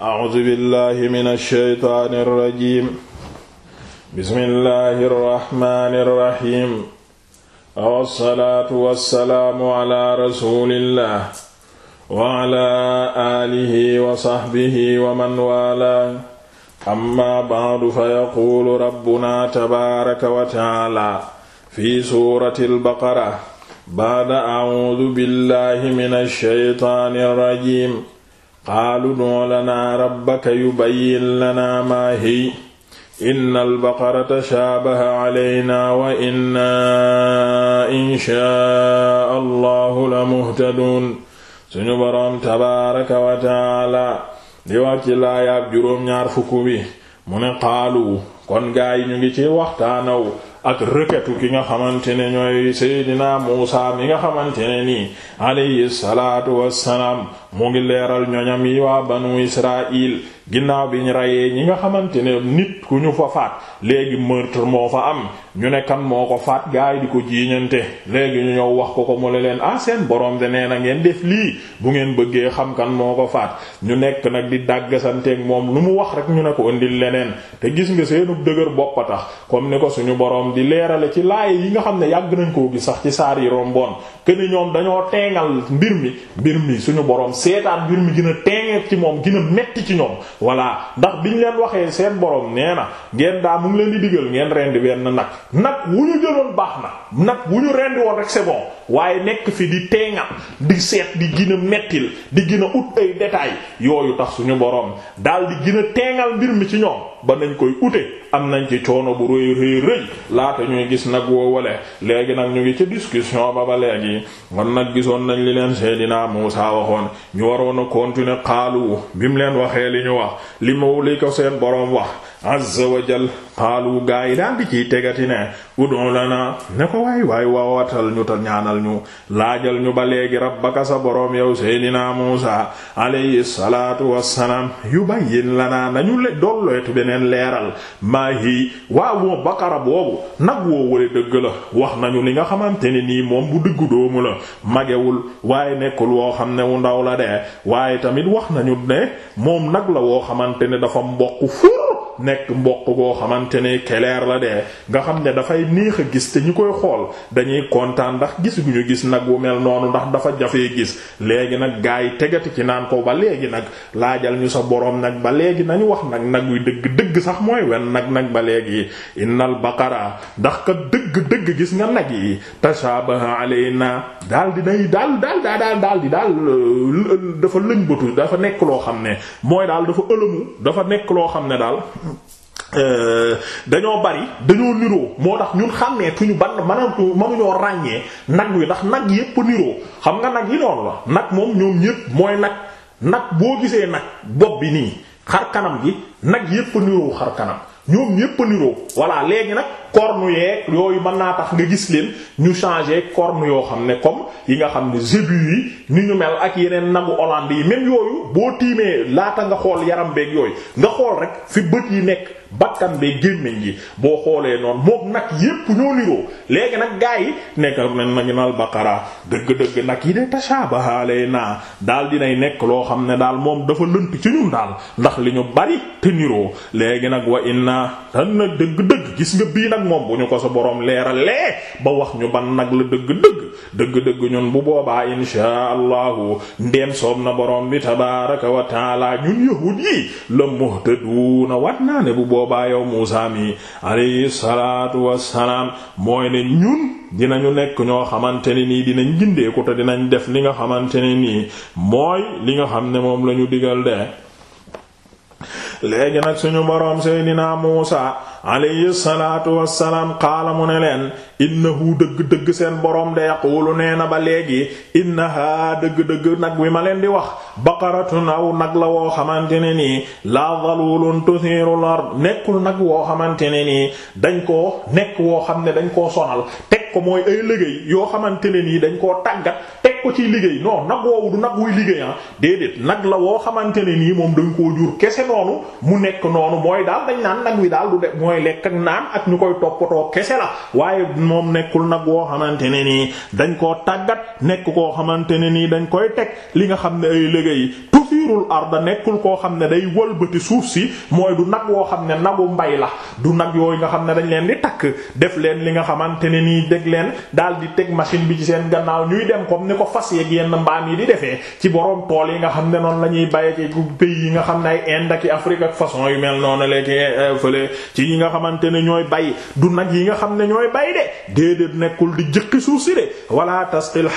a'uuzu billahi mina shaytaani rajiim bismillahi rahmaani rahiim wassalaatu wassalaamu ala rasuulillah wa ala aalihi wa sahbihi wa man waalaa amma ba'du fa yaquulu rabbunaa tabaaraka wa ta'aalaa fi suurati al-baqara ba'da a'uuzu billahi mina shaytaani rajiim qaalu ud'u lanaa rabbaka yubayyin lanaa maa inna albaqara tashaabaha calaynaa wa inna inshaa allahu la muhtaduun suñu boroom tabaaraka wa taala di wax ci laayaab juróom ñaar fukk qaalu kon gaa yi ñu ngi ci waxtaanaw ak rëkkatu ki nga xamante ne ñooy Seydina Muusa mi nga xamante ne nii alayhi salaatu wassalaam mu ngi leeral ñoñam yi waa banu Israil ginnaaw bi ñu reyee ñi nga xamante ne nit ku ñu fa faat léegi meurtre moo fa am ñu ne kan moo ko faat gaay yi di ko jiiñante léegi ñu ñëw wax ko ko mu ne leen ah seen borom de nee na ngeen def lii bu ngeen bëggee xam kan moo ko faat ñu nekk nag di dàggasanteeg moom lu mu wax rek ñu ne ko indil leneen te gis nga seenu dëgër bopp tax comme ni ko suñu borom di leerale ci laay yi nga xam ne yàgg nañ koo gis sax ci saar yi romboon këni ñoom dañoo teengal mbir mi mbir mi suñu borom seetaan mbir mi gën a teengee ci moom gën a ci ñoom voilà ndax bi ñu leen waxee seen borom nee na ngeen daa mu ngi leen di digal ngeen rendi benn nag nag wu ñu jëloon baax na nag wu ñu rendi woon rek c'est bon waaye nekk fi di teeŋat di seet di gën a mettil di gën a ut ay détails yooyu tax suñu boroom daal di gën mbir mi ci ñoom ba nañ koy ute am nañ ci coono bu rëy rëy rëy laata ñuy gis nag woo wale léegi nag ñu ngi ci discussion ba ba léegi kon nag gisoon nañ li leen Seydina Muusaa waxoon ñu waroon a continuer xaalu bi mu leen waxee li ñu wax li ma li ko seen boroom wax azza wa jal xaalu gaa yi daal di ciy tegati ne udon lana ne ko waay waay waawatal ñu ta ñaanal ñu laajal ñu ba léegi rabbaka sa boroom yow seydina muusa alayhi salaatu wassalaam yubayyin lana nañu le dolleetu beneen leeral maa hi waaw bakara boobu nag woo wale dëgg la wax nañu li nga xamante ni nii moom bu diggu doomu la magewul waaye nekkul woo xam ne wu ndaw la de waaye tamit wax nañu ne moom nag la woo xamante ne dafa mbokk fur nekk mboq goo xamante ne keleer la de nga xam ne dafay neex a gis te ñu koy xool dañuy kontaan ndax gis gu ñu gis nag wu mel noonu ndax dafa jafee gis léegi nag gaa yi tegati ci naan ko ba léegi nag laajal ñu sa boroom nag ba léegi nañu wax nag nag yu dëgg dëgg sax mooy wen nag nag ba léegi innal baqara ndax ka dëgg dëgg gis nga nag yi tashabaha alayna daal di nay daal daal daal daal euh, dafa lëñbatu dafa nekk loo xam ne mooy daal dafa ëlëmu dafa nekk loo xam ne daal Euh, dañoo bari dañoo niroo moo tax ñun xàmmee xàmmeetuñu ban mënatu mënuñoo ràññee nag wi ndax nag yépp niroo xam nga nag yi noonu la nag moom ñoom ñépp mooy nag nag boo gisee nag bopp bi nii xar kanam gi nag yépp niroo xar kanam ñoom ñépp a niroo voilà léegi nag corne yeeg yooyu man naa tax nga gis leen ñu changé corne yoo xam ne comme yi nga xam ne zébu yi ni ñu mel ak yeneen nagu Hollande yi mel yooyu boo tiimee laata nga xool yaram beeg yooyu nga xool rek fi bët yi nekk. bakkan bee gémmiñ gi boo xoolee noonu moom nag yépp ñoo niroo léegi nag gaa yi nekk nañ nañu nal baqara dëgg-dëgg nag yi de tashabaha alayna daal dinay nekk loo xam ne daal moom dafa lënt ci ñun daal ndax li ñu bari te niroo léegi nag wa inna tan nag dëgg-dëgg gis nga bii nag moom bu ñu ko sa borom leeralee ba wax ñu ban nag la dëgg-dëgg dëgg-dëgg ñun bu boobaa inshaa allahu ndeem soob na borom bi tabaraka wa ñun yahud yi la muhtaduna boobaa yow Muusaa mi alayhi salaatu wassalaam mooy ne ñun dinañu nekk ñoo xamante ne nii dinañ gindeeku te dinañ def li nga xamante ne nii mooy li nga xam ne moom lañu digal de léegi nag suñu boroom seydinaa Muusa alayhi salaatu wassalaam qaala mu ne leen innahu dëgg-dëgg seen boroom de yaqulu nee na ba léegi innaha dëgg-dëgg nag wi ma leen di wax baqaratun aw nag la woo xamante ne nii laa zalulun tusiirul ard nekkul nag woo xamante ne nii dañ koo nekk woo xam ne dañ koo sonal teg ko mooy ay liggéey yoo xamante ne nii dañ koo tàggat teg ko ci liggéey non nag woowu du nag wuy liggéey ah. déedéet nag la woo xamante ne nii moom dañ koo jur kese noonu mu nekk noonu mooy daal dañ naan nag wi daal du def mooy lekk ak naan ak ñu koy toppatoo kese la waaye moom nekkul nag woo xamante ne nii dañ koo tàggat nekk koo xamante ne nii dañ koy teg li nga xam ne ay liggéey yudirul arda nekkul koo xam ne day wëlbati suuf si mooy du nag woo xam ne nagu mbay la du nag yooyu nga xam ne dañ leen di takk def leen li nga xamante ne nii dég leen daal di teg machine bi ci seen gannaaw ñuy dem comme ni ko fas yeeg yenn mbaam yi di defee ci borom tool yi nga xam ne noonu la ñuy bayee ci pays yi nga xam ne ay Inde ak Afrique façon yu mel noonu la ci euh, fële ci yi nga xamante ne ñooy bay du nag yi nga xam ne ñooy bay de nekkul di jëkki suuf si de wala tasqil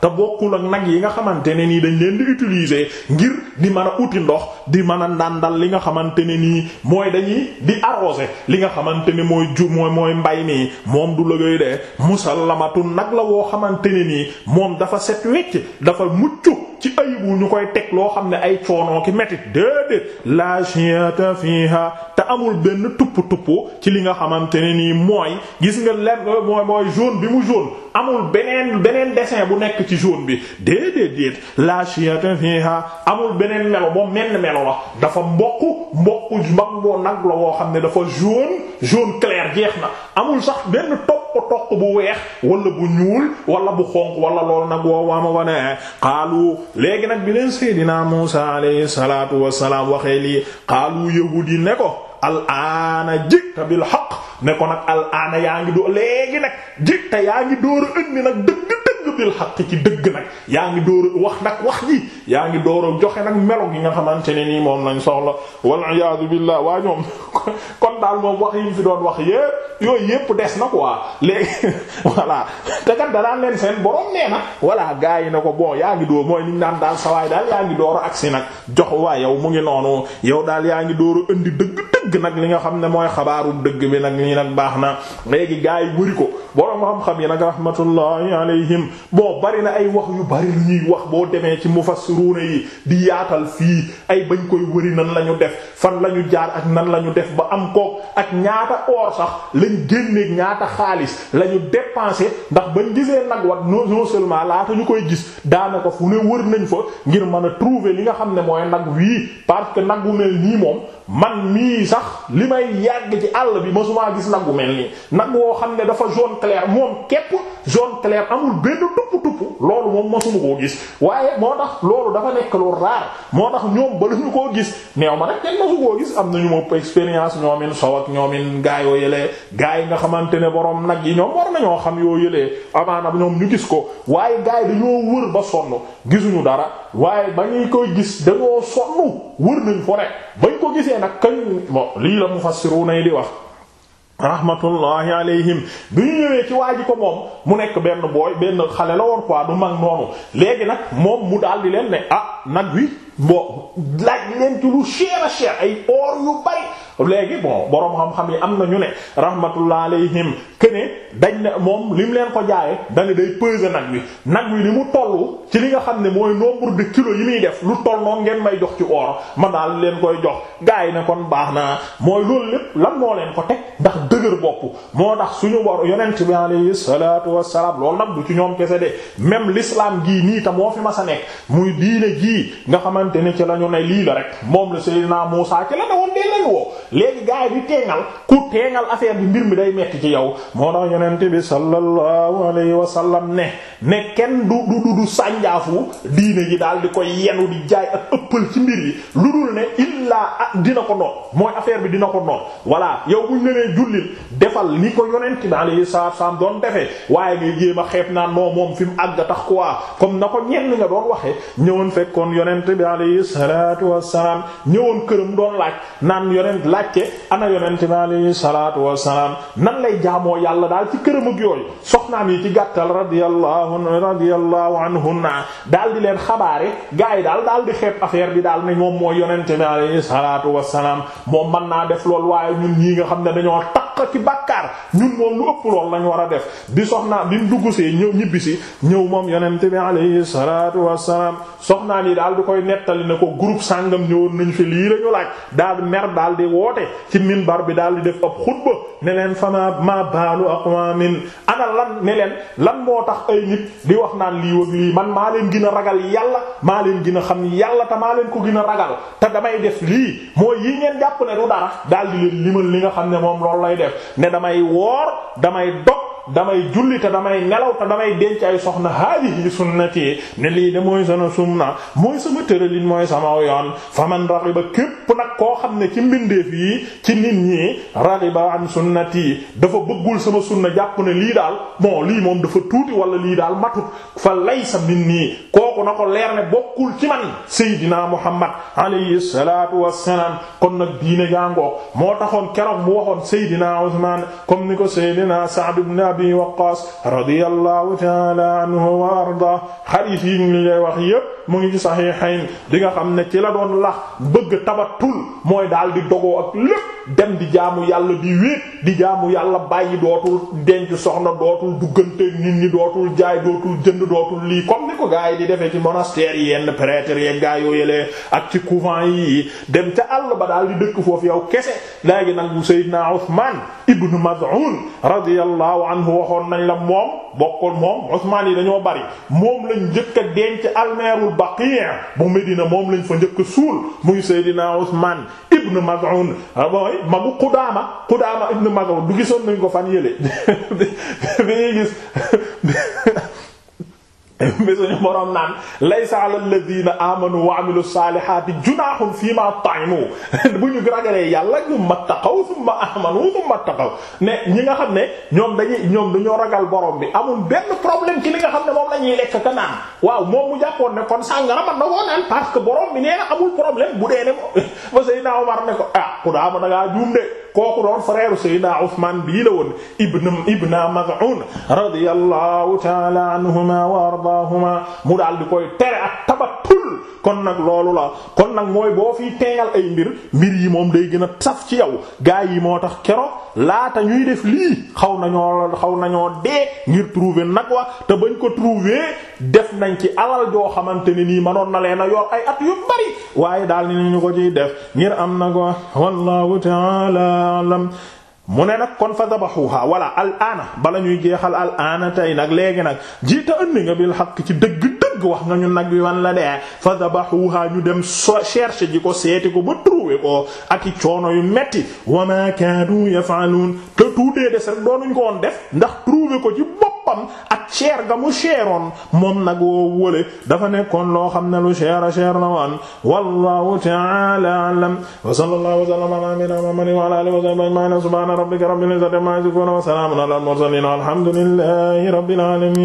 te bokkul ak nag yi nga xamante ne nii dañ leen di utiliser ngir di mën a uti ndox di mën a ndàndal li nga xamante ne nii mooy dañuy di arroser li nga xamante ne mooy ju mooy mooy mbay nii moom du lëgëy de musallamatun nag la woo xamante ne nii moom dafa set wecc dafa mucc ci ayibu ñu koy teg loo xam ne ay coonoo ki métit déedéet la shi'ata fiha te amul benn tupp tupp ci li nga xamante ne nii mooy gis nga lem mooy mooy jaune bi mu jaune amul beneen beneen dessin bu nekk ci jaune bi déedéet déet la shi'ata fiha amul beneen melo moom menn melo la dafa mboq mboq mag moo nag la woo xam ne dafa jaune jaune clair jeex na amul sax benn toq toq bu weex wala bu ñuul wala bu xonq wala lool nag woo waama wa ne xaalu léegi nag bi leen seydinaa Muusa alayhi salaatu wassalaam waxee lii xaalu yahuud yi ne ko al aana jikta bil haqq ne ko nag al yaa ngi doo léegi nag jikta yaa ngi dóor a indi nag dëgg bil xaq ci dëgg nag yaa ngi door wax nag wax ji yaa ngi dooro joxe nag melo gi nga xamante ne nii moom lañ soxla wal iyaadu billah waa ñoom kon daal moom wax yi mu fi doon wax yépp yooyu yépp des na quoi léegi voilà te kat danaan leen seen borom nee na voilà yi na ko bon yaa ngi door mooy niñ naan daal sawaay daal yaa door a agsi nag jox waa yow mu ngi noonu yow daal yaa ngi door a indi dëgg dëgg nag li nga xam ne mooy xabaaru dëgg bi nag nii nag baax na léegi gars yi wëri ko borom xam-xam yi nag rahmatullahi alayhim boo bari na ay wax yu bari lu ñuy wax boo demee ci mufassiruna yi di yaatal fii ay bañ koy wëri nan la ñu def fan la ñu jaar ak nan la ñu def ba am koog ak ñaata or sax lañ génneeg ñaata xaalis la ñu dépensé ndax bañ gisee nag wax non seulement laata ñu koy gis daanaka fu ne wër nañ fa ngir mën a trouver li nga xam ne mooy nag wii parce que nag bu mel nii moom man mii sax li may yàgg ci àll bi masumaa gis nag bu mel nii nag woo xam ne dafa jaune clair moom képp jaune clair amul benn tupp tupp loolu moom masuma koo gis waaye moo tax loolu dafa nekk lu raar moo tax ñoom ba lu ñu koo gis neew ma nag kenn masu koo gis am nañu mopp expérience ñoomin sow ak ñoomin gaayoo yëlee gaay nga xamante ne borom nag yi ñoom war nañoo xam yoo yëlee amaana ñoom ñu gis ko waaye gaay dañoo wër ba sonn gisuñu dara waaye ba ñuy koy gis dañoo sonn wër nañ fo rek bañ ko gisee nag kañ bon lii la mufassiruna yi di wax rahmatullahi alayhim bi ñu ñëwee ci waa ji ko moom mu nekk benn booy benn xale la woon quoi du mag noonu léegi nag moom mu daal di leen ne ah nag wi bon laaj leen ci lu cher a cher ay or yu bari léegi bon borom xam-xam yi am na ñu ne rahmatullah alayhim këne dañ ne moom lim leen ko jaayee dañ day peser nag wi nag wi li mu tollu ci li nga xam ne mooy nombre de kilos yi muy def lu toll noonu ngeen may jox ci or ma daal leen koy jox gars yi ne kon baax na mooy loolu lépp lan moo leen ko teg ndax dëgër bopp moo tax suñu bor yonent bi alayhi salaatu wassalaam loolu nag bu ci ñoom kese de même lislaam gii nii ta moo fi mas a nekk muy diine gii nga xamante ne ci la ne lii la moom la Seydina Muusaa ci la léegi gars yi di teengal ku teengal affaire bi mbir mi day metti ci yow moo tax yonent bi sallallahu alayhi wa sallam ne ne kenn du du du sànjaafu daal di koy yenu di jaay ak ëppal ci mbir yi ah, dina ko noon mooy affaire bi dina ko noon voilà yow buñ la defal li ko yonent bi alayhi salaatu salaam doon defee waaye ngay jéem a xeeb naan moo moom fi mu àgg tax quoi comme na ko ñenn nga doon fekkoon yonent bi alayhi salaatu wassalaam ñëwoon këram doon laaj naan yonent laajte ana yonent bi alayhi salaatu wassalaam nan lay jaamoo yàlla daal ci këram ak yooyu soxnaam yi ci gàttal radiyallahu radiyallahu anhunna daal di leen xabaare gars yi daal daal di xeeb affaire bi daal ne moom mooy yonent bi alayhi salaatu wassalaam moom mën naa def loolu waaye ñun ñii nga xam ne dañoo taq ci bàkkaar ñun moom lu ëpp a def bi soxna bi mu dugg see ñëw si ñëw moom yonent bi alayhi salaatu wassalaam yi daal di koy nettali ne ko groupe sàngam ñëwoon nañ fi lii lañu laaj daal mer daal di woo woote ci minbar bi daal di def ab xutba ne leen fama ma baalu aqwamin ana lan ne leen lan moo tax ay nit di wax naan lii wëg lii man maa leen gën a ragal yàlla maa leen gin a xam yàlla te maa leen ko gin a ragal te damay def lii mooy yi ngeen jàpp ne du dara daal leen limal li nga xam ne moom loolu lay def ne damay woor damay dog damay julli te damay nelaw te damay denc ay soxna haadihi sunnati ne lii de mooy sama sunna mooy sama tëralin mooy sama yoon fa man raxiba képp nag koo xam ne ci mbindeef yi ci nit ñi raxiba an sunnati dafa bëggul sama sunna jàpp ne lii daal bon lii moom dafa tuuti wala lii daal matut fa laysa minni kooku na ko leer ne bokkul ci man seydina muhammad alayhi salaatu wassalaam kon nag diine jàngook moo taxoon keroog mu waxoon seydina usman abi waqaas radiyallahu taala anhu wa arda xadiis yi ñu lay wax yépp mu ngi ci saxiixayn di nga xam ne ci la doon lax bëgg tabatul mooy daal di dogoo ak lépp dem di jaamu yàlla di wéet di jaamu yàlla bàyyi dootul denc soxna dootul duggante nit nii dootul jaay dootul jënd dootul lii comme ni ko gaa yi di defee ci monastères yi yenn prêtres yeeg gaa yoo yëlee ak ci couvent yi dem ca àll ba daal di dëkk foofu yow kese léegi nag bu Seydina ibnu Maz'un radiyallahu anhu waxoon nañ la moom bokkoon moom Usmaan yi dañoo bari moom lañ njëkk a denc almeerul Baqi' bu Medina moom lañ fa njëkk a suul muy Seydina Usmaan ibnu Maz'un ah mooy magu Qudaama Qudaama ibnu Maz'un du gisoon nañ ko fan yële bi ñuy gis bi suñu boroom naan laysa ala alladhina amanu wa amilu salihati junahun fi ma ta'imu bu ñu ragalee yàlla summa taqaw summa amanu summa taqaw ne ñi nga xam ne ñoom dañuy ñoom dañoo ragal borom bi amul benn problème ci li nga xam ne moom la ñuy lekk ka naan waaw moom mu jàppoon ne kon sàngara man na koo naan parce que borom bi nee na amul problème bu dee ne ba Seydina Omar ne ko ah ku daama dangaa juum de kooku doon frère Seydina Usmaan bii la woon ibn ibn Maz'un radiyallahu ta'ala anhuma wa ardaahuma mu daal di koy tere ak tabattu kon nag loolu la kon nag mooy boo fiy teegal ay mbir mbir yi moom day gën a saf ci yow gaa yi moo tax keroog laata ñuy def lii xaw nañoo xaw nañoo dee ngir trouver nag wa te bañ ko trouver def nañ ci alal joo xamante ne nii manoon na leen a yor ay at yu bari waaye daal ni ñu ko ciy def ngir am na ko wallahu ta'ala mu ne nag kon fa dabaxuha walla al bala ñuy jeexal al aana tey nag léegi nag jiita ëndi nga bil xaq ci dëgg dëgg wax nga ñu nag bi wan la dee fa dabahuha ñu dem cherche ji ko seeti ko ba trouver ko ak i coono yu metti wa ma kaadu yafaaluun te tuutee des rek doonuñ ko woon def ndax trouver ko ci boppam ak cher ga mu cheroon moom nag woo wële dafa nekkoon loo xam ne lu cher a na la woon wallahu ta'ala a'lam wa sallallahu wa sallama ala nabiyyina muhammadin wa ala alihi wa sahbihi